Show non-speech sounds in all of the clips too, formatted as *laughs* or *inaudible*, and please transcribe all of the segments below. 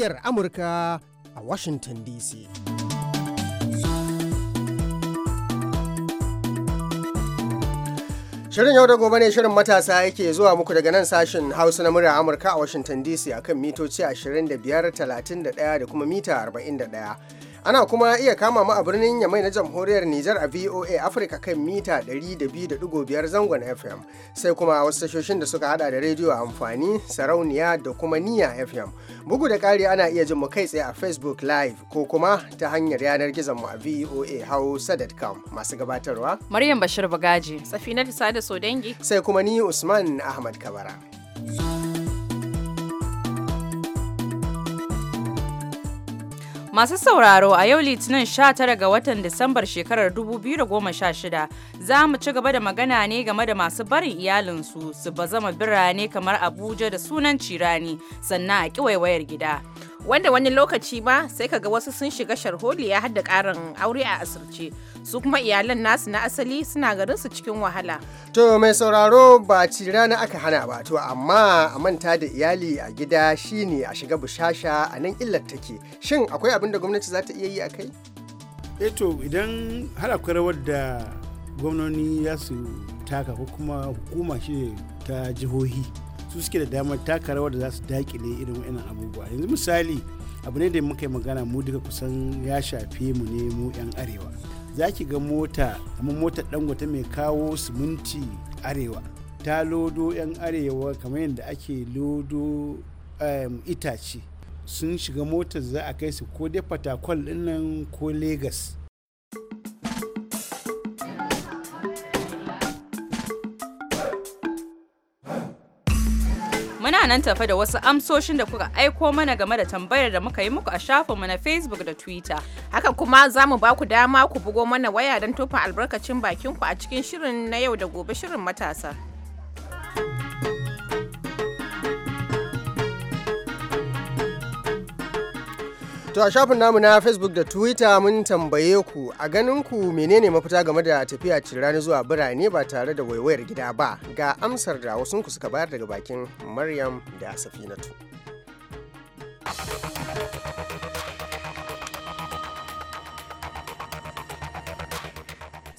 muryar Amurka a Washington DC. Shirin yau da gobe ne shirin matasa yake zuwa muku daga nan sashin Hausa na muryar Amurka a Washington DC akan mitoci 25, 31 da kuma mita 41. Ana kuma iya kama mu a birnin Yamai na Jamhuriyar Nijar a VOA Africa kan mita 102.5 zangon FM. Sai kuma wasu tashoshin da suka hada da rediyo amfani, sarauniya da kuma niya FM. Bugu da ƙari ana iya jin mu kai tsaye a Facebook Live ko kuma ta hanyar yanar gizon mu a VOA Hausa.com masu gabatarwa. Maryam Bashir Bagaji. da Sada dangi. Sai kuma ni Usman Ahmad Kabara. Masu sauraro a yau Litinin 19 ga watan Disambar shekarar 2016 za mu ci gaba da magana ne game da masu barin iyalinsu su bazama birane kamar Abuja da sunan cirani sannan a kiwaiwayar gida. wanda wani lokaci ba sai kaga wasu sun shiga sharholiya har da karin aure a asirce su kuma iyalan nasu na asali suna garin su cikin wahala to mai sauraro ba ci rana aka hana ba to amma a manta da iyali a gida shine a shiga bushasha a nan illar take shin akwai abin da gwamnati za ta iya yi a kai eto eh idan har akwai rawar da gwamnoni ya su taka ko kuma hukuma shi ta jihohi su suke da damar taka rawar da za su dakile irin wa'annan abubuwa yanzu misali abu ne da muka yi magana mu duka kusan ya shafe mu ne mu 'yan arewa za ki ga mota kamar motar dangote mai kawo siminti arewa ta lodo 'yan arewa kamar yadda ake lodo itace sun shiga motar za a kai su ko dai fatakwal dinnan ko Legas. a nan tafa da wasu amsoshin da kuka aiko mana game da tambayar da muka yi muku a shafinmu na Facebook da Twitter. Haka kuma za mu baku dama ku bugo mana waya don tofa albarkacin bakin ku a cikin shirin na yau da gobe shirin matasa. To a shafin namu na Facebook da Twitter mun tambaye ku a ganin ku menene mafita game da tafiya cirani zuwa birane ba tare da waiwayar gida ba ga amsar da wasu ku suka bayar daga bakin Maryam da Safinatu.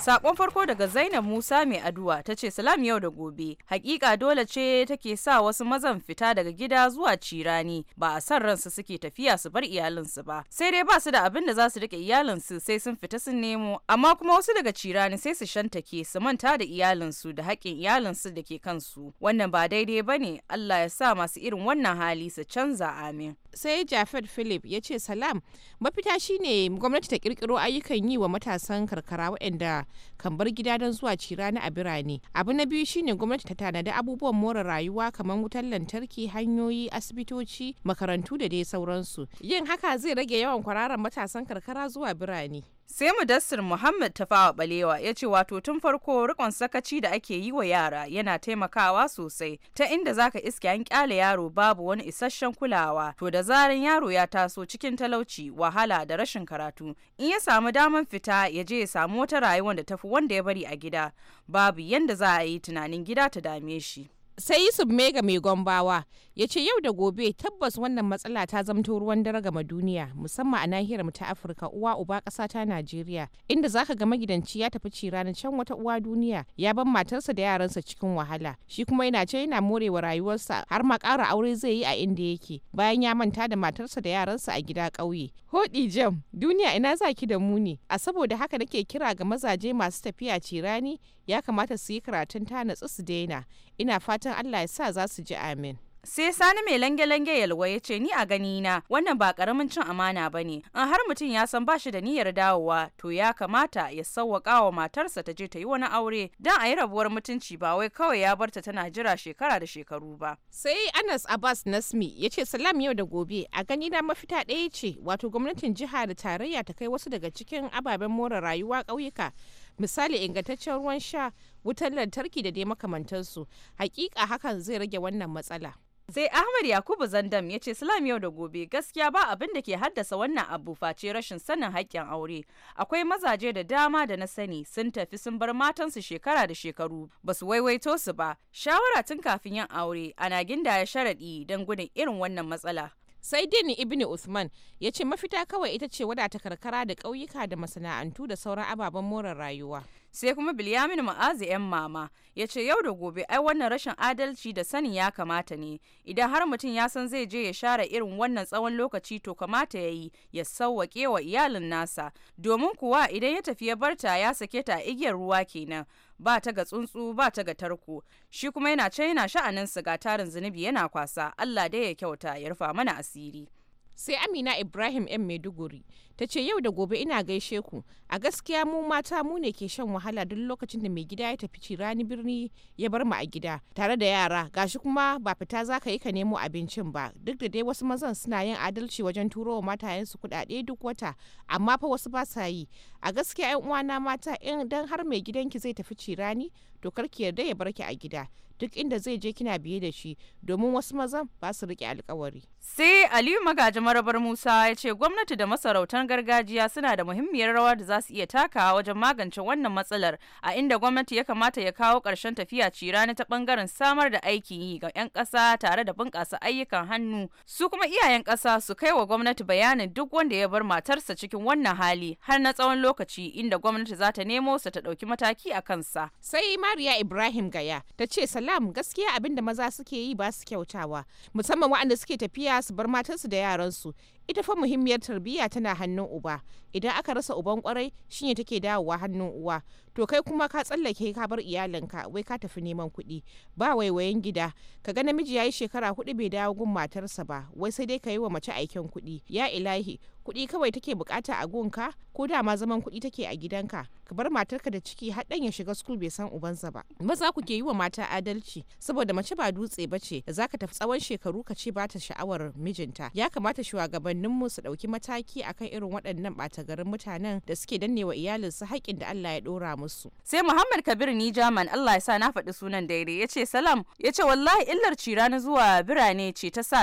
Sakon farko daga Zainab Musa mai aduwa ta ce salam yau da gobe. Hakika dole ce take sa wasu mazan fita daga gida zuwa cirani ba a san ransu suke tafiya su bar iyalinsu ba. Sai dai ba su da abin da za su rike iyalinsu sai sun fita sun nemo amma kuma wasu daga cirani sai su shantake su manta da iyalinsu da haƙƙin iyalinsu da ke kansu. Wannan ba daidai ba ne Allah ya sa masu irin wannan hali su canza amin. sai jafet philip ya ce salam mafita shine gwamnati ta kirkiro ayyukan yi wa matasan karkara waɗanda kan bar gida don zuwa cira na a birane abu na biyu shine gwamnati ta tanadi abubuwan more rayuwa kamar wutar lantarki hanyoyi asibitoci makarantu da dai sauransu yin haka zai rage yawan kwararan matasan karkara zuwa birane sai mudassir muhammad tafawa balewa ya ce wato tun farko rikon sakaci da ake yi wa yara yana taimakawa sosai ta inda zaka iske an kyale yaro babu wani isasshen kulawa to da zaran yaro ya taso cikin talauci wahala da rashin karatu in ya samu daman fita ya je ya samu wata rayuwar da tafi wanda ya bari a gida babu yanda za a yi tunanin gida ta dame shi sai yusuf mega mai gombawa ya ce yau da gobe tabbas wannan matsala ta zamto ruwan dare gama duniya musamman a nahiyar mu ta afirka uwa uba ƙasa ta najeriya inda zaka ga magidanci ya tafi cira na can wata uwa duniya ya ban matarsa da yaransa cikin wahala shi kuma yana ce yana morewa rayuwarsa har ma kara aure zai yi a inda yake bayan ya manta da matarsa da yaransa a gida ƙauye hodi jam duniya ina zaki da mu ne a saboda haka nake kira ga mazaje masu tafiya cirani ya kamata su yi karatun ta natsu su daina ina fatan allah ya sa za su ji amin sai sani mai lange-lange yalwa ya ce ni a gani na wannan ba karamin cin amana ba ne in har mutum ya san bashi da niyyar dawowa to ya kamata ya sauwaƙa wa matarsa ta je ta yi wani aure don a yi rabuwar mutunci ba wai kawai ya bar ta tana jira shekara da shekaru ba sai anas abbas nasmi ya ce salam yau da gobe a gani na mafita ɗaya ce wato gwamnatin jiha da tarayya ta kai wasu daga cikin ababen more rayuwa ƙauyuka misali ingantaccen ruwan sha wutar lantarki da dai makamantansu hakika hakan zai rage wannan matsala Sai Ahmad Yakubu Zandam ya ce salam yau da gobe gaskiya ba abin da ke haddasa wannan abu face rashin sanin haƙƙin aure. Akwai mazaje da dama da na sani sun tafi sun bar matansu shekara da shekaru ba su waiwaito su ba. Shawara tun kafin yin aure ana ginda ya sharaɗi don gudun irin wannan matsala. sai din ibn usman ya ce mafita kawai ita ce wadata karkara da ƙauyuka da masana'antu da sauran ababen more rayuwa sai kuma bilyamin ma'azi 'yan mama ya ce yau da gobe ai wannan rashin adalci da sani ya kamata ne idan har mutum ya san zai je ya share irin wannan tsawon lokaci to kamata ya yi ya sauwaƙe wa iyalin nasa domin kuwa idan ya tafi ya barta ya sake ta igiyar ruwa kenan ba ta ga tsuntsu ba ta ga tarko shi kuma yana can yana su ga tarin zunubi yana kwasa Allah dai ya kyauta ya rufa mana asiri. sai amina ibrahim yan maiduguri ta ce yau da gobe ina gaishe ku a gaskiya mu mata mu ne ke shan wahala duk lokacin da mai gida ya tafi cirani birni ya bar mu a gida tare da yara gashi kuma ba fita za ka yi ka nemo abincin ba duk da dai wasu mazan suna yin adalci wajen turo wa matayensu kuɗaɗe duk wata amma fa wasu ba sa yi a gaskiya yan uwana mata in dan har mai gidanki zai tafi rani to kar ki yarda ya bar ki a gida duk inda zai je kina biye da shi domin wasu mazan ba su riƙe alkawari. sai aliyu magaji marabar musa ya ce gwamnati da masarautan gargajiya suna da muhimmiyar rawa da za su iya takawa wajen magance wannan matsalar a inda gwamnati ya kamata ya kawo ƙarshen tafiya cirani ta ɓangaren samar da aikin yi ga 'yan ƙasa tare da bunƙasa ayyukan hannu su kuma iyayen ƙasa su kai wa gwamnati bayanin duk wanda ya bar matarsa cikin wannan hali har na tsawon lokaci inda gwamnati za ta nemo sa ta ɗauki mataki a kansa. Sai Mariya Ibrahim Gaya ta ce salam gaskiya abinda maza suke yi ba su kyautawa musamman waɗanda suke tafiya su bar matarsu da yaransu ita fa muhimmiyar tarbiyya tana hannun uba idan aka rasa uban kwarai shine take dawowa hannun uwa to kai kuma ka tsallake ka bar iyalinka wai ka tafi neman kuɗi ba waiwayen gida ka ga namiji ya yi shekara hudu bai dawo gun matarsa ba wai sai dai ka yi wa mace aikin kuɗi ya ilahi kuɗi kawai take bukata a gunka ko da ma zaman kuɗi take a gidanka ka bar matarka da ciki har ya shiga school bai san ubansa ba maza ku ke yi wa mata adalci saboda mace ba dutse ba ce za ka tafi tsawon shekaru ka ce ba ta sha'awar mijinta ya kamata shugabanninmu su ɗauki mataki akan irin waɗannan ɓata garin mutanen da suke danne wa iyalinsu haƙƙin da Allah ya ɗora musu sai muhammad kabir ni jaman allah ya sa na faɗi sunan daidai ya ce salam ya ce wallahi illar cira na zuwa birane ce ta sa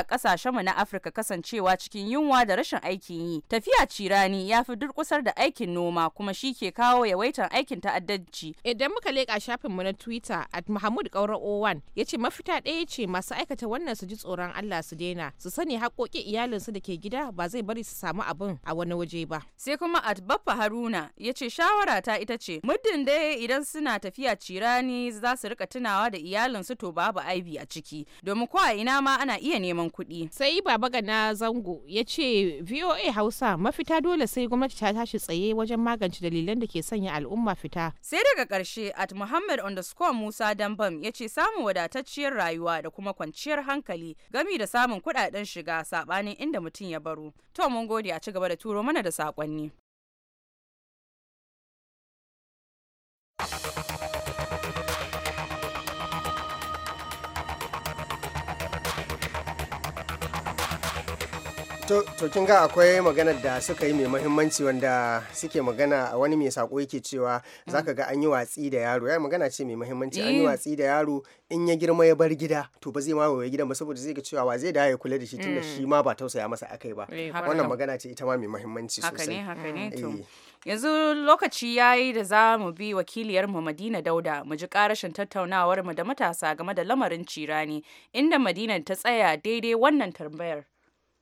mu na afirka kasancewa cikin yunwa da rashin aikin yi tafiya cirani ya fi durƙusar da aikin noma kuma shi ke kawo yawaitar aikin ta'addanci idan muka leƙa mu na twitter at mahmud kaura owan ya ce mafita ɗaya ce masu aikata wannan su ji tsoron allah su daina su sani haƙoƙin iyalinsu da ke gida ba zai bari su samu abin a wani waje ba sai kuma at baffa haruna ya ce shawara ta ita ce muddin muddin dai idan suna tafiya cirani za su rika tunawa da iyalinsu to babu aibi a ciki domin ko a ina ma ana iya neman kuɗi. sai baba na zango ya ce voa hausa mafita dole sai gwamnati ta tashi tsaye wajen magance dalilan da ke sanya al'umma fita. sai daga ƙarshe at muhammad underscore musa dambam ya ce samun wadatacciyar rayuwa da kuma kwanciyar hankali gami da samun kuɗaɗen shiga saɓanin inda mutum ya baro. to mun gode a ci gaba da turo mana da saƙonni. to kin ga akwai maganar da suka yi mai mahimmanci wanda suke magana a wani mai sako yake cewa zaka ga an yi watsi da yaro ya magana ce mai mahimmanci an yi eh. watsi da yaro in ya girma ya bar gida to ba zai ma waye gidan ba saboda zai ga cewa wa zai da ya kula da shi tunda mm. shi ma ba tausaya masa akai ba eh, wannan magana ce ita ma mai mahimmanci sosai haka ne haka eh. ne yanzu lokaci ya yi da za mu bi wakiliyar mu madina dauda mu ji karashin mu da matasa game da lamarin cirani inda madina ta tsaya daidai wannan tambayar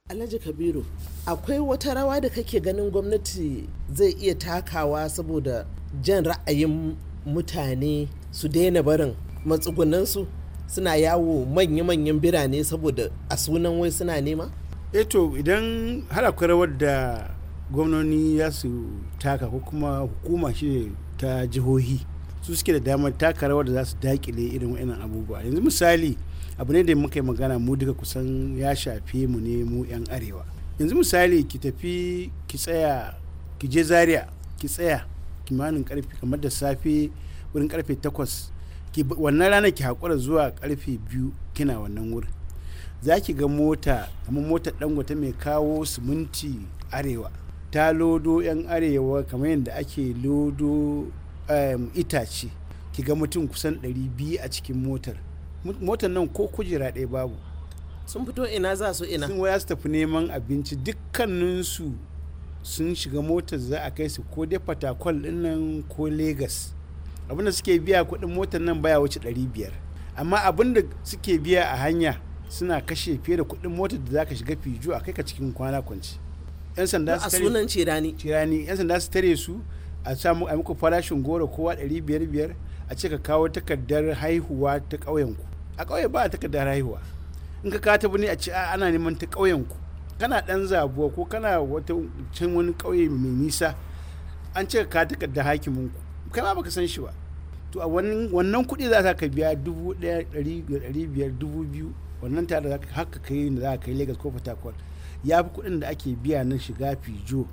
alhaji kabiru akwai wata rawa da kake ganin gwamnati zai iya takawa saboda jan ra'ayin mutane su daina barin matsugunan su suna yawo manya-manyan birane saboda a sunan wai suna nema eto eh idan har akwai rawar da gwamnoni za su taka ko kuma hukuma shi ta jihohi su suke da damar taka rawar da za su dakile irin wa'annan abubuwa yanzu misali abu ne da muka yi magana mu duka kusan ya shafe mu ne mu 'yan arewa yanzu misali ki tafi ki tsaya ki je zaria ki tsaya kimanin karfe kamar da safe wurin karfe 8 wannan ranar ki haƙura zuwa karfe biyu kina wannan wurin za ki ga mota kamar mota dangote mai kawo siminti arewa ta lodo 'yan arewa kamar yadda ake lodo itace ki ga mutum kusan 200 a cikin motar motar nan ko kujera ɗaya babu sun fito ina za su ina sun waya su tafi neman abinci dukkaninsu sun shiga motar za a kai su ko dai fatakwal din nan ko Legas. abinda suke biya kuɗin motar nan baya wuce 500 amma abinda suke biya a hanya suna kashe fiye da kuɗin motar da za ka shiga Fiju a kai ka cikin kwana kwanci yan sanda su tare sunan cirani cirani yan sanda su tare su a samu a muku farashin goro kowa ɗari biyar biyar a ce ka kawo takardar haihuwa ta ƙauyen ku a ƙauye ba a takardar haihuwa in ka kata ta bane a ce ana neman ta ƙauyen ku kana ɗan zabuwa ko kana wata cin wani ƙauye mai nisa an ce ka takardar hakimin ku kai ma baka san shi ba to a wannan kuɗi za ka biya dubu ɗaya ɗari biyar dubu biyu wannan tare da haka kai ne za ka kai legas ko fatakwal ya fi kuɗin da ake biya na shiga fijo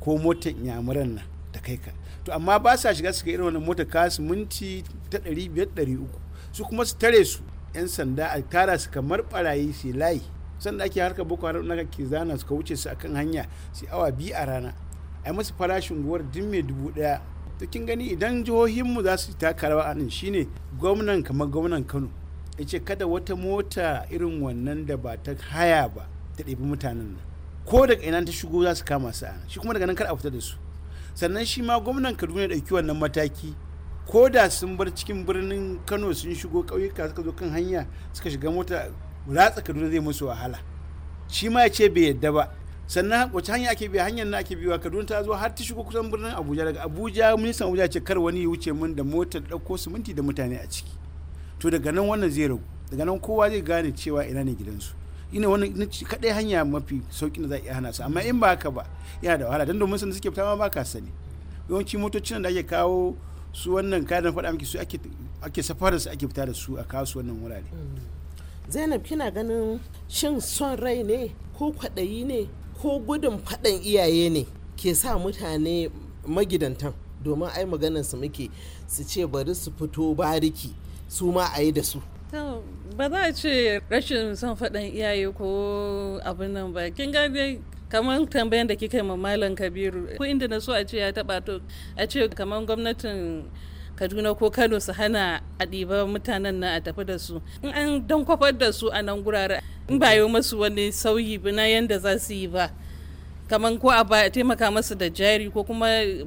ko motar inyamuran nan ta kai ka to amma ba sa shiga suka irin wannan motar kasu minti ta ɗari biyar ɗari uku su kuma su tare su yan sanda a tara su kamar barayi su layi sanda ake harka boko haram na ke zana suka wuce su akan hanya su awa biyu a rana a masu farashin guwar din mai dubu ɗaya to kin gani idan jihohinmu za su taka rawa a nan shine gwamnan kamar gwamnan kano ya ce kada wata mota irin wannan da ba ta haya ba ta ɗabi mutanen nan ko daga ina ta shigo za su kama su ana shi kuma daga nan kar a fita da su sannan shi ma gwamnan kaduna ya ɗauki wannan mataki ko da sun bar cikin birnin kano sun shigo ƙauyuka suka zo kan hanya suka shiga mota ratsa kaduna zai musu wahala shi ma ya ce bai yadda ba sannan wace hanya ake biya hanyar na ake biya kaduna ta zo har ta shigo kusan birnin abuja daga abuja ministan abuja ce kar wani ya wuce min da motar ɗauko siminti da mutane a ciki to daga nan wannan zai ragu daga nan kowa zai gane cewa ina ne gidansu ina wani kaɗai hanya mafi sauki da za a iya hana su amma in ba haka ba yana da wahala don domin sun suke fita ma ba ka sani yawanci motocin da ake kawo su wannan kayan faɗa miki su ake safarar su ake fita da su a kawo su wannan wurare mm. zainab kina ganin shin son rai ne ko kwaɗayi ne ko gudun faɗan iyaye ne ke sa mutane magidantan domin ai maganar su muke su ce bari su fito bariki su ma a yi da su ba za a ce rashin son faɗan iyaye ko abin nan ba kin gane kamar tambayan da kika yi ma malam kabiru ko inda na so a ce ya taɓa to a ce kamar gwamnatin kaduna ko kano su hana a ɗiba mutanen nan a tafi da su in an don kwafar da su a nan gurare in ba masu wani sauyi na yanda za su yi ba kamar ko a taimaka masu da jari ko kuma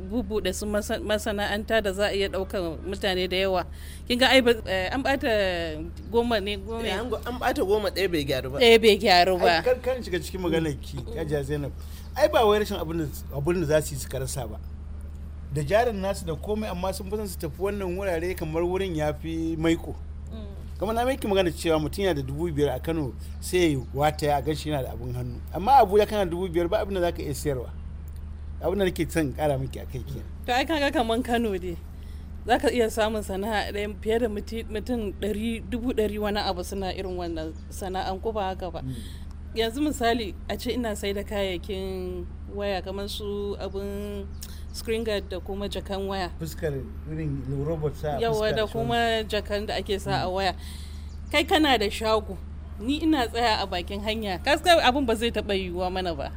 bubuɗe su masana'anta da za a iya ɗaukar mutane da yawa kin ga ai eh, an bata goma ne goma eh, an bata goma ɗaya bai gyaru ba ɗaya bai gyaru ba kar kan shiga cikin maganar ki ja zainab ai ba wai rashin abin da za su yi su karasa ba da jarin nasu da komai amma sun fi su tafi wannan wurare kamar wurin ya fi maiko kamar na miki magana cewa mutum yana da dubu biyar a kano sai ya wata ya gan shi yana da abin hannu amma ya kana dubu biyar ba abin da zaka iya sayarwa abin da nake son kara miki a kai kenan to ai kaga kamar kano dai za ka iya samun sana'a ɗaya fiye da mutum ɗari dubu ɗari wani abu suna irin wannan sana'an ko ba haka ba mm. yanzu misali a ce ina sai da kayayyakin waya kamar su abin screen guard da kuma jakan waya fuskar irin robot sa yawa da kuma jakan da ake sa a mm. waya kai kana da shago ni ina tsaya a bakin hanya kaskar abin ba zai taɓa yiwuwa mana ba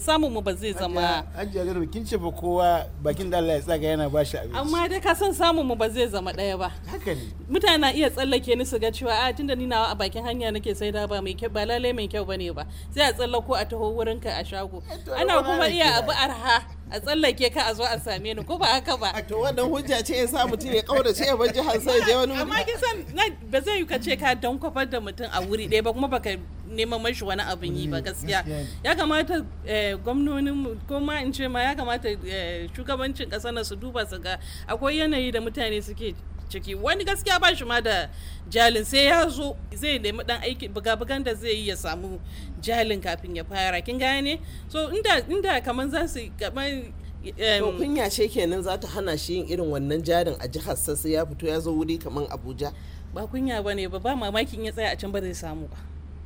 samun mu ba zai zama ajiya garba kin ce ba kowa bakin da Allah ya tsaga yana ba shi abinci amma dai ka san samun mu ba zai zama daya ba haka ne mutane iya tsallake ni su ga cewa a ah, tunda ni nawa a bakin hanya nake sai da ba mai kyau ba lalle mai kyau bane ba sai a tsallako a taho wurin ka a shago eh, ana kuma iya abu arha a tsallake ka a zo a same ni ko ba haka ba. A to wannan hujja ce ya sa mutum ya ce ya bar jihar sai je wani Amma kin san ba zai yi ka ce ka dan kwafar da mutum a wuri ɗaya ba kuma baka neman mashi wani abin yi ba gaskiya. Ya kamata eh, gwamnonin ko ma in ce ma ya kamata eh, shugabancin kasa na su duba su ga akwai yanayi da mutane suke ciki wani gaskiya ba shi ma da jalin sai ya zo zai nemi dan aiki buga-bugan da zai yi ya samu jalin kafin ya fara kin gane so inda inda kaman za su kaman to kunya ce kenan za ta hana shi yin irin wannan jarin a jihar sai ya fito ya zo wuri kaman Abuja ba kunya bane ba ba mamakin ya tsaya a can ba zai samu ba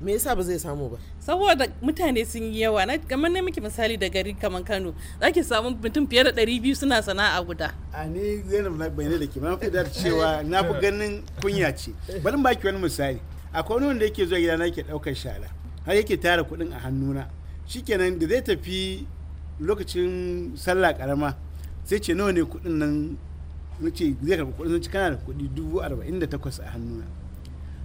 me yasa ba zai samu ba saboda mutane sun yi yawa na kamar ne miki misali da gari kamar Kano zaki samu mutum fiye da 200 suna sana'a guda a ne Zainab na bayyana da ke ma fi da cewa na fi ganin kunya ce bari ba ki wani misali akwai wani wanda yake zuwa gida na yake daukar shara har yake tara kuɗin a hannuna shikenan da zai tafi lokacin sallah karama sai ce nawa ne kuɗin nan nace zai karɓi kuɗin nan kana da kuɗi dubu arba'in da takwas a hannuna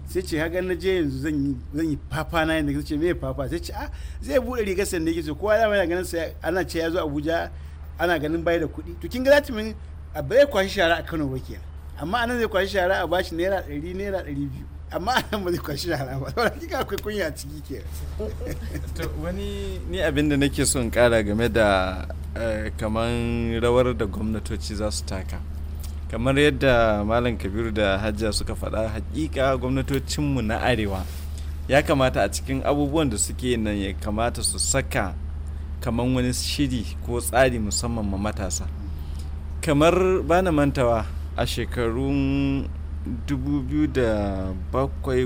sai ce ha na je yanzu zan yi papa na yanda sai ce me papa sai ce ah zai bude riga sanda yake so kowa da mai ganin sai ana ce ya zo Abuja ana ganin bai da kuɗi to kin ga min a bai kwashi shara a Kano ba kenan amma anan zai kwashi shara a bashi naira dari naira dari biyu amma anan ba zai kwashi shara ba saboda kika akwai kunya a ciki ke to wani ni abin da nake so in kara game da eh, kaman rawar da gwamnatoci za su taka kamar yadda malam kabiru da hajja suka faɗa hakika gwamnatocinmu na arewa ya kamata a cikin abubuwan da suke nan ya kamata su saka kamar wani shiri ko tsari musamman ma matasa kamar bana mantawa a shekarun 2007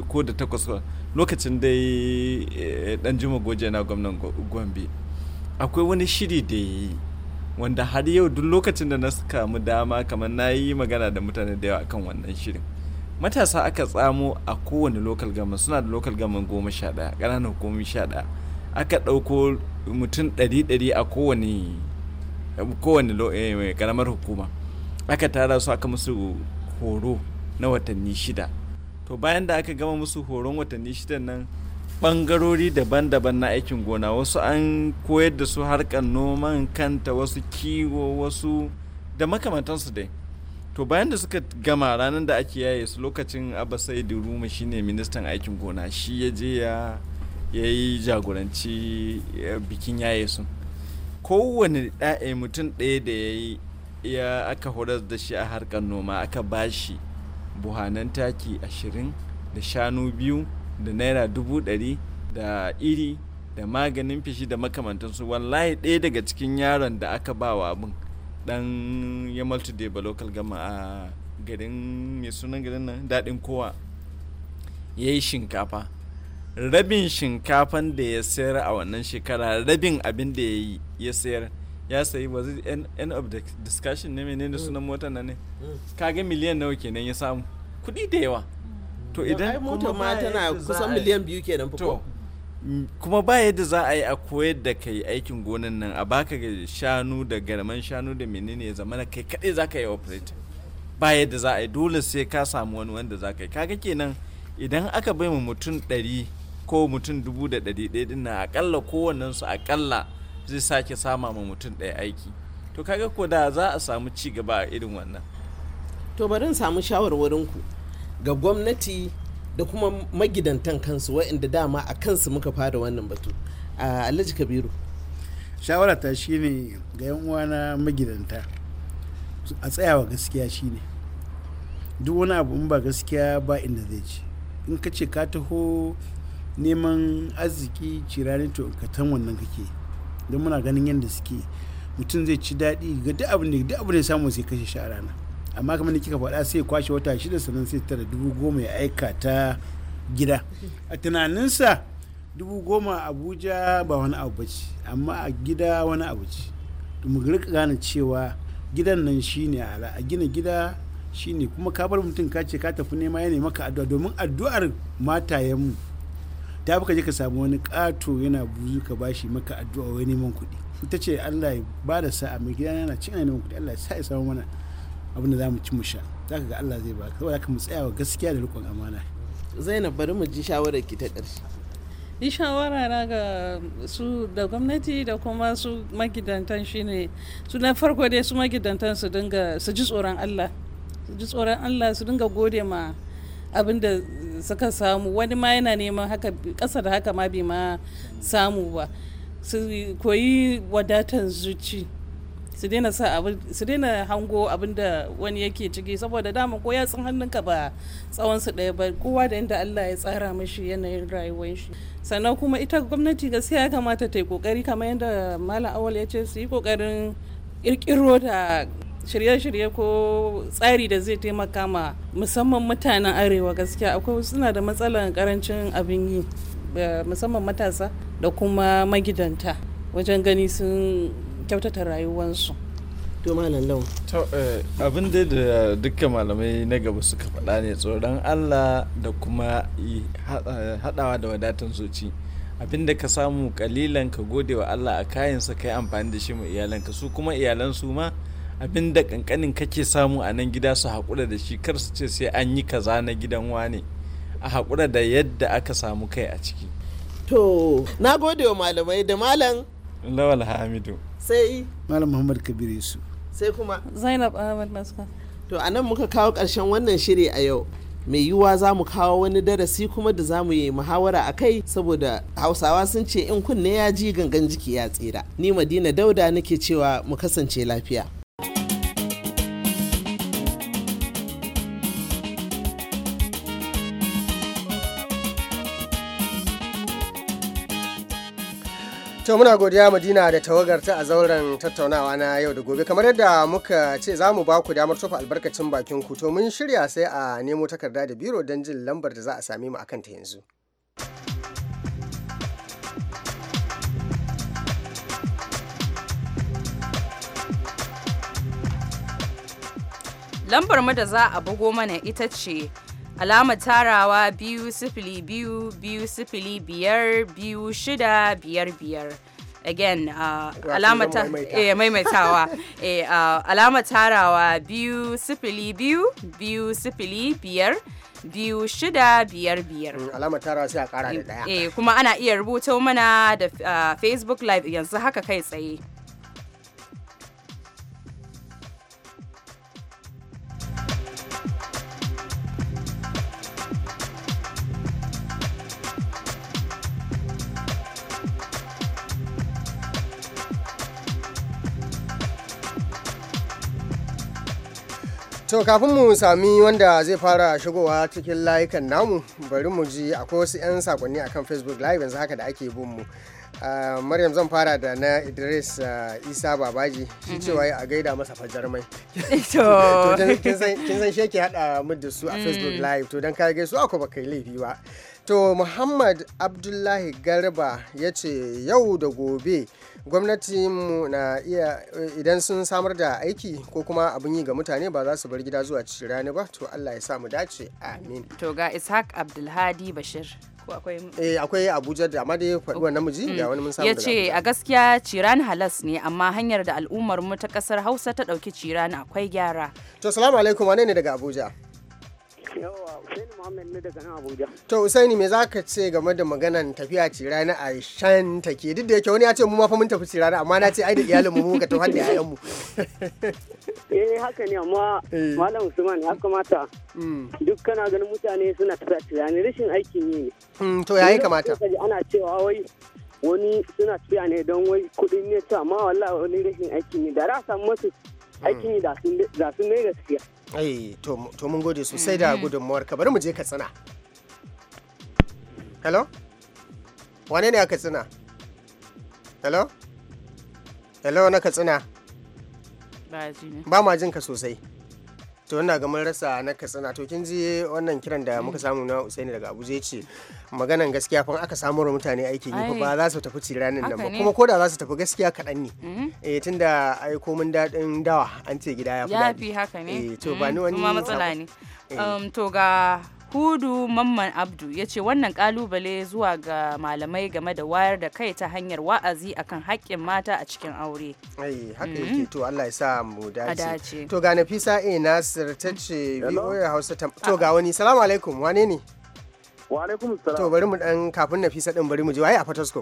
ko da 8 lokacin dai dan eh, jima goje na gwamnan gombe akwai wani shiri da ya yi wanda har yau duk lokacin da na samu dama kamar na yi magana da mutane da yawa kan wannan shirin matasa aka tsamo a kowane local government suna da local government goma sha ɗaya ƙananan hukumomi sha ɗaya aka ɗauko mutum ɗari ɗari a kowane kowane eh, ƙaramar hukuma aka tara su aka musu horo na watanni shida to bayan da aka gama musu horon watanni shidan nan bangarori daban-daban na aikin gona wasu an koyar da su harkar noman kanta wasu kiwo wasu da makamantansu dai to bayan da suka gama ranar da ake yaye su lokacin abasai da ruma shine ministan aikin gona shi ya je ya yi jagoranci eh, bikin yaye su kowane ɗaya mutum ɗaya da ya yi ya aka horar da shi a harkar noma aka bashi buhanan taki ashirin da shanu biyu da naira dubu ɗari da iri da maganin fishi da makamantansu wallahi ɗaya daga cikin yaron da aka ba wa abin ɗan yamal da ba local gama a garin mai sunan garin nan daɗin kowa ya yi shinkafa rabin shinkafan da ya sayar a wannan shekara rabin abin da ya yi ya sayar ya sayi was it end, of the discussion ne menene sunan motar nan ne mm. kaga miliyan nawa kenan ya samu kuɗi da yawa to idan kuma ma tana kusan miliyan biyu kenan fa kuma ba yadda za a yi a koyar da kai aikin gonan nan a baka ga shanu da garman shanu da menene ya zama kai kadai za ka yi operate ba yadda za a yi dole sai ka samu wani wanda za ka yi kaga kenan idan aka bai mu mutum ɗari ko mutum dubu da ɗari ɗaya din nan akalla kowannen su akalla zai sake sama ma mutum ɗaya aiki to kaga ko da za a samu ci gaba a irin wannan to bari in samu shawarwarinku ku ga gwamnati da kuma magidantan kansu waɗanda dama a kansu muka fara wannan batu a alhaji kabiru shawarata shine ga yan uwana magidanta a tsayawa gaskiya shine duk wani abu ba gaskiya ba inda zai ci in ka ce ka taho neman arziki cirani to ka tan wannan kake don muna ganin yadda suke mutum zai ci daɗi ga duk abin da duk abin da samu sai kashe shi a rana amma kamar da kika faɗa sai kwashe wata shida sannan sai tara dubu goma ya aika ta gida a tunaninsa dubu goma abuja ba wani abu ba ce amma a gida wani abu ce mu rika gane cewa gidan nan shine ala a gina gida shine kuma ka bar mutum ka ce ka tafi nema yana maka addu'a domin addu'ar mu ta fi kaje je ka samu wani ƙato yana buzu ka bashi maka addu'a wai neman kuɗi ita ce allah ya ba da sa'a mai gida yana cin neman kuɗi allah ya sa ya samu mana abin da za mu ci mu sha za ka ga Allah zai baka saboda ka mu tsaya wa gaskiya da rikon amana zainab bari mu ji shawarar ki ta ƙarshe yi shawara na ga su da gwamnati da kuma su magidantan shine su na farko dai su magidantan su dinga su ji tsoron Allah su ji tsoron Allah su dinga gode ma abin da suka samu wani ma yana neman haka ƙasa da haka ma bai ma samu ba su koyi wadatar zuci su daina sa abu su daina hango abin da wani yake ciki saboda dama ko ya tsin hannunka ba tsawon su ɗaya ba kowa da inda Allah ya tsara mashi yanayin rayuwar shi sannan kuma ita gwamnati gaskiya ya kamata ta yi kokari kamar yadda malam awal ya ce su yi kokarin kirkiro da shirye-shirye ko tsari da zai taimaka ma musamman mutanen arewa gaskiya akwai suna da matsalar karancin abin yi eh, musamman matasa da kuma magidanta wajen gani sun kyautata rayuwarsu to malam lau eh, abin da duka malamai na gaba suka faɗa ne tsoron allah da kuma haɗawa da wadatan zuci abin da ka samu kalilan ka gode wa allah a kayan sa kai amfani da shi mu iyalanka su kuma iyalan su ma abin da kankanin kake samu a nan gida su haƙura da shi kar su ce sai an yi kaza na gidan wane a haƙura da yadda aka samu kai a ciki to na gode wa malamai da malam lawal hamidu sai malam muhammad kabir yusuf sai kuma zainab ahmad maska to a nan muka kawo ƙarshen wannan shiri a yau mai yiwuwa za mu kawo wani darasi kuma da za mu yi muhawara a kai saboda hausawa sun ce in kunne ya ji gangan jiki ya tsira ni madina dauda nake cewa mu kasance lafiya To muna godiya Madina da tawagarta a zauren tattaunawa na yau da gobe kamar yadda muka ce za mu ba ku damar tofa albarkacin bakin ku to mun shirya sai a nemo takarda da biro don jin lambar da za a same mu akan ta yanzu. Lambar mu da za a bugo mana ita ce alama tarawa biyu sifili biyu biyu sifili biyar biyu shida biyar biyar again uh, alama ta eh, maimaitawa *laughs* eh, uh, alama tarawa biyu sifili biyu biyu sifili biyar biyu shida biyar biyar mm, alama tarawa sai a kara da eh, daya eh, kuma ana iya rubuta mana da uh, facebook live yanzu haka kai tsaye To kafin mu sami wanda zai fara shigowa cikin layukan namu bari mu ji akwai wasu 'yan sakonni akan Facebook live yanzu haka da ake bin mu. Ah, Maryam zan fara da na Idris ah, Isa Babaji shi mhm. cewa a gaida masa fajar mai. Eh, to *laughs* kin san shi yake hada mu da su a mm. Facebook live to don ka gaisu ako ba yi laifi ba. To Muhammad Abdullahi Garba ya ce yau da gobe gwamnatinmu na iya idan sun samar da aiki ko kuma abin yi ga mutane ba za su bar gida zuwa cikin rani ba to allah ya sa mu dace amin to ga ishaq abdulhadi bashir eh, akwai abuja da amma dai faɗi wannan wani mun samu ya ce a gaskiya ciran halas ne amma hanyar da al'ummar mu ta kasar hausa ta ɗauki ciran akwai gyara to salamu alaikum wane ne daga abuja yawa Usaini Muhammad ne daga nan Abuja. To Usaini me za ka ce game da maganan tafiya ci rana a shan take duk da yake wani ya ce mu ma fa mun tafi ci rana amma na ce ai da iyalin mu muka tafi da yayan mu. *laughs* Eh haka ne amma eh. Malam Usman ya kamata mm. duk kana ganin mutane suna tafiya ci rana rashin aikin mm, yi ne. To yayi kamata. Ana cewa wai wani suna tafiya ne don wai kuɗin ne ta amma wallahi wani rashin aikin ne da ra san masu aikin yi da sun ne gaskiya ai to mun gode sosai da mhm. gudunmuwar ka bari mu je katsina hello wane ne a katsina hello hello na katsina ba ma jin ka sosai to ina ga mun rasa na katsina to kin ji wannan kiran da muka samu na usaini daga abuja ce maganan gaskiya fa aka samu wa mutane aikin yi ba za su tafi ciranin nan ba kuma ko da za su tafi gaskiya kaɗan ne mm-hmm. eh tunda ai komin daɗin dawa an ce gida ya fi haka ne eh to ba mm-hmm. ni wani matsala ne eh. um, to ga hudu mamman abdu ya ce wannan kalubale zuwa ga malamai game da wayar da kai ta hanyar wa'azi akan haƙƙin mata a cikin aure ai haka mm-hmm. yake to Allah ya sa mu dace to ga Nafisa A Nasir ta ce VOA Hausa ah. to ga wani salamu alaikum wane ne wa alaikum salam to bari mu dan kafin Nafisa din bari mu je waye a Fataskum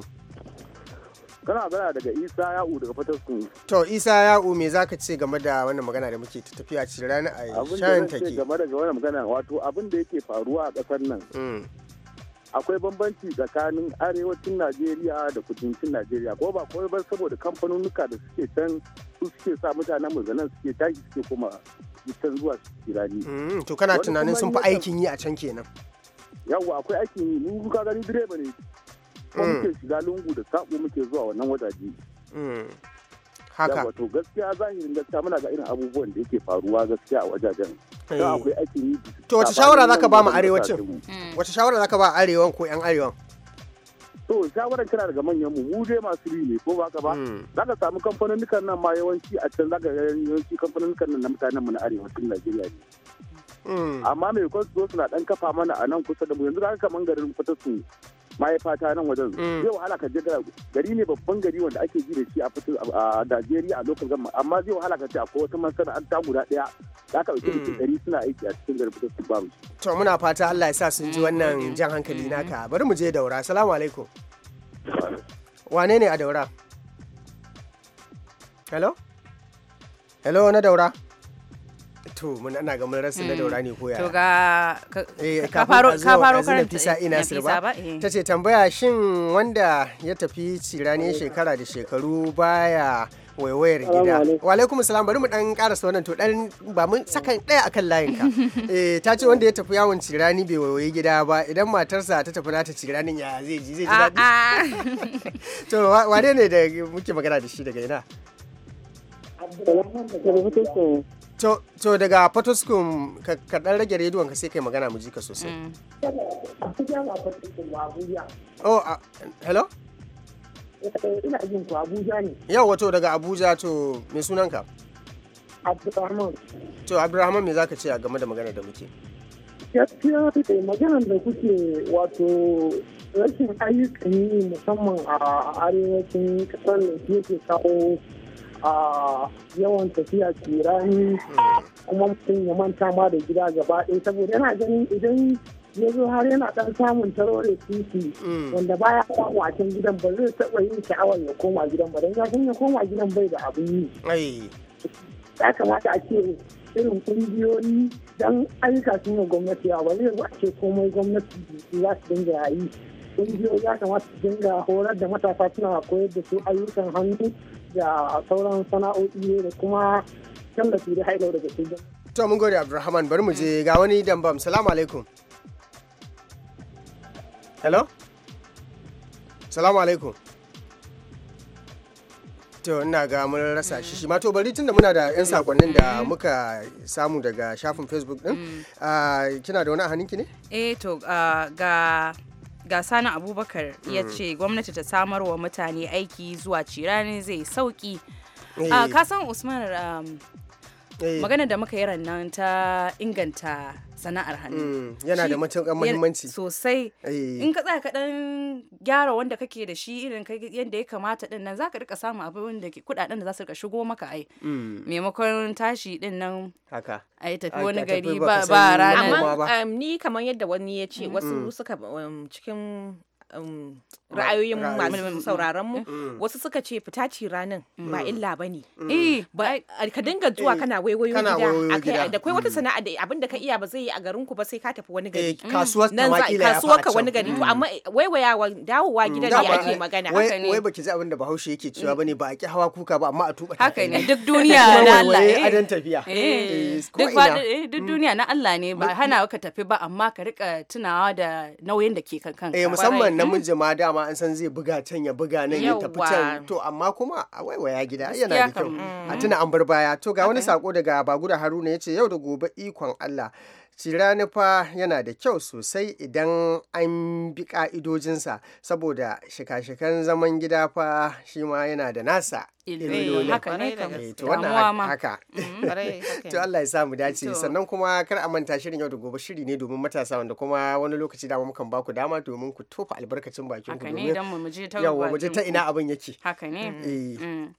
kana bara daga isa ya'u daga fataskun to isa ya'u me zaka ce game da wannan magana da muke tafiya cikin rana a shayin take game da wannan magana wato abin da yake faruwa a kasar nan mm. akwai bambanci tsakanin arewacin najeriya da kudancin najeriya ko ba kawai ba saboda kamfanonuka da suke can su suke sa mutanen mu zanen suke tashi suke kuma can zuwa su kirani mm, to kana tunanin sun fi aikin yi a can kenan yawwa akwai aikin yi ni kuka gani direba ne kuma mm. muke shiga lungu da saƙo muke zuwa wannan wadaji. Mm. haka wato gaskiya zahirin gaskiya muna ga irin abubuwan da yake faruwa gaskiya a wajajen eh. akwai aikin yi to wace shawara zaka ba mu arewacin mm. wace shawara zaka ba arewan ko yan arewan to shawaran kana daga manyan mu mu dai masu ri ne ko ba ka ba za ka samu kamfanonukan nan ma yawanci a can za ka yawanci kamfanonukan nan na mutanen mu na arewacin Najeriya ne amma mai kwan su suna dan kafa mana a nan kusa da mu yanzu za ka kaman garin kuta su mahaifa nan wajen mm. zai wahala ka je gari ne babban gari wanda ake ji da shi a fito a Najeriya a lokacin gama amma zai wahala ka ce akwai wata masana'anta guda daya za ka ɗauki mutum ɗari suna aiki a cikin garin ba mu. To muna fata Allah ya sa sun ji mm, wannan mm, jan hankali naka bari mu je daura salamu alaikum. Wane ne a daura? Hello? Hello na daura? to mun ana ga mun rasa na hmm. daura ne koya to ga ka eh, faro ka faro karanta fisa ina sirba eh. tace tambaya shin wanda ya tafi cirani shekara da shekaru baya waiwayar gida wa alaikum salam bari mu dan karasa wannan to dan ba mun saka daya akan layin ka *laughs* eh ta ce wanda ya tafi yawon cirani bai waiwayi gida ba idan matarsa ta tafi na ta ciranin ya zai ji zai ji daɗi *laughs* to wane ne da muke magana da shi daga ina da To, to daga Potoskum ka ɗan rage rediyon ka sai kai magana mu ji ka sosai. Mm. Oh, uh, hello? Ina jin ku Abuja ne. Yau wato daga Abuja to me sunan ka? Abdulrahman. To Abdulrahman me zaka ce a game da magana da muke? Gaskiya da eh, maganar da kuke wato rashin ayyukan yi musamman a arewacin kasar da ke kawo a yawan tafiya kirani kuma mutum ya manta ma da gida gaba ɗaya saboda yana ganin idan ya zo har yana ɗan samun tarore titi mm. wanda baya samu a can gidan ba zai taɓa yin sha'awar ya koma gidan ba don ya ya koma gidan bai da abin yi ya kamata a ce irin ƙungiyoyi don ayyuka sun yi gwamnati ba zai ba ce komai gwamnati za su dinga yi kungiyoyi ya kamata su dinga horar da matasa suna koyar da su ayyukan hannu da sauran sana'o'i ne da kuma can da su da hailo daga su to mun gode abdulrahman bari mu je ga wani dambam salamu alaikum hello salamu alaikum to ina ga mun rasa shi shi to bari tunda muna da yan sakonnin da mm-hmm. muka samu daga shafin facebook din mm. ah, kina da wani a hannunki ne eh to ah, ga ga sani abubakar ya mm. ce gwamnati ta samar wa mutane aiki zuwa cirani zai sauki eh. ah, kasan usman um, Eh. magana da muka yi rannan ta inganta sana'ar hannu mm, yana da matuƙar muhimmanci sosai eh. in ka tsaya ka gyara wanda kake da shi irin yadda ya kamata din nan zaka rika samun abin da kuɗaɗen da za su rika shigo maka ai mm. maimakon tashi din nan haka yi tafi wani gari ba ranar amma um, ni kamar yadda wani ya ce wasu mm. suka um, cikin Um, ra'ayoyin masu mm. sauraron mu mm. mm. wasu suka ce fita ci ranin ba illa ba ne eh, ka dinga zuwa eh, kana waiwayo gida da kai wata sana'a da abin da ka iya ba zai yi a garin ku ba sai ka tafi wani gari eh, kasuwar ka wani gari to amma waiwayawa dawowa gidan ne ake magana wai baki ji abin da bahaushe yake cewa bane ba a ki hawa kuka ba amma a tuba haka ne duk duniya *laughs* na Allah ne adan tafiya duk duniya na Allah ne ba hana ka tafi ba amma ka rika tunawa da nauyin da ke kan kanka musamman namiji ma dama an san zai buga can ya buga nan ya tafi can to amma kuma a waiwaya gida yana da kyau a mm. tuna an bar baya to ga wani sako daga baguda haruna ya ce yau da gobe ikon Allah ciranifa fa yana da kyau sosai idan an bi ka'idojinsa saboda shika-shikan zaman gida fa shi ma yana da nasa ilmi eh, to wannan haka mm-hmm, *laughs* to Allah ya samu dace sannan kuma kar a manta shirin yau da gobe shiri ne domin matasa wanda kuma wani lokaci dama mukan baku dama domin ku tofa albarkacin bakin ku domin yawa mu je ta ina abin yake haka ne eh. mm.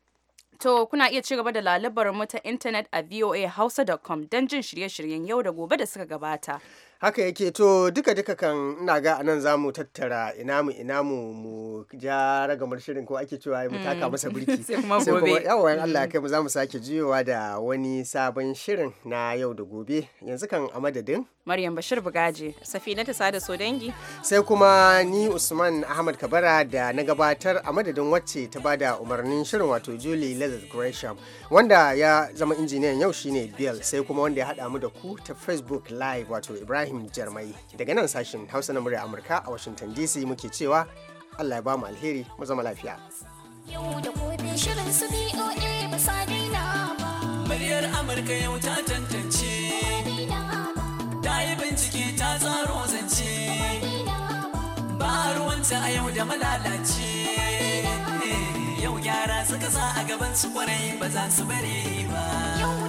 To kuna iya ci gaba da lalabar mu ta intanet a voahausa.com don jin shirye-shiryen yau da gobe da suka gabata. haka yake to duka duka kan ina ga nan za mu tattara ina mu mu mu ja ragamar shirin ko ake cewa mu taka mm. masa *laughs* birki sai kuma gobe Allah mm-hmm. kai mu za mu sake jiyowa da wani sabon shirin na yau da gobe yanzu kan a madadin Maryam Bashir Bugaje Safina ta sada so dangi sai kuma ni Usman Ahmad Kabara da na gabatar a madadin wacce ta ba da umarnin shirin wato Julie lezard Gresham wanda ya zama injiniyan yau shine Bill sai kuma wanda ya haɗa mu da ku ta Facebook live wato Ibrahim Ibrahim Jarmai daga nan sashen Hausa na murya Amurka a Washington DC muke cewa Allah ya ba mu alheri mu zama lafiya. Yau da gobe shirin su BOA ba sa ba. Muryar Amurka yau ta tantance. Ta yi bincike ta tsaro zance. Ba ruwanta a yau da malalace. Yau gyara suka sa a gaban su kwarai ba za su bari ba.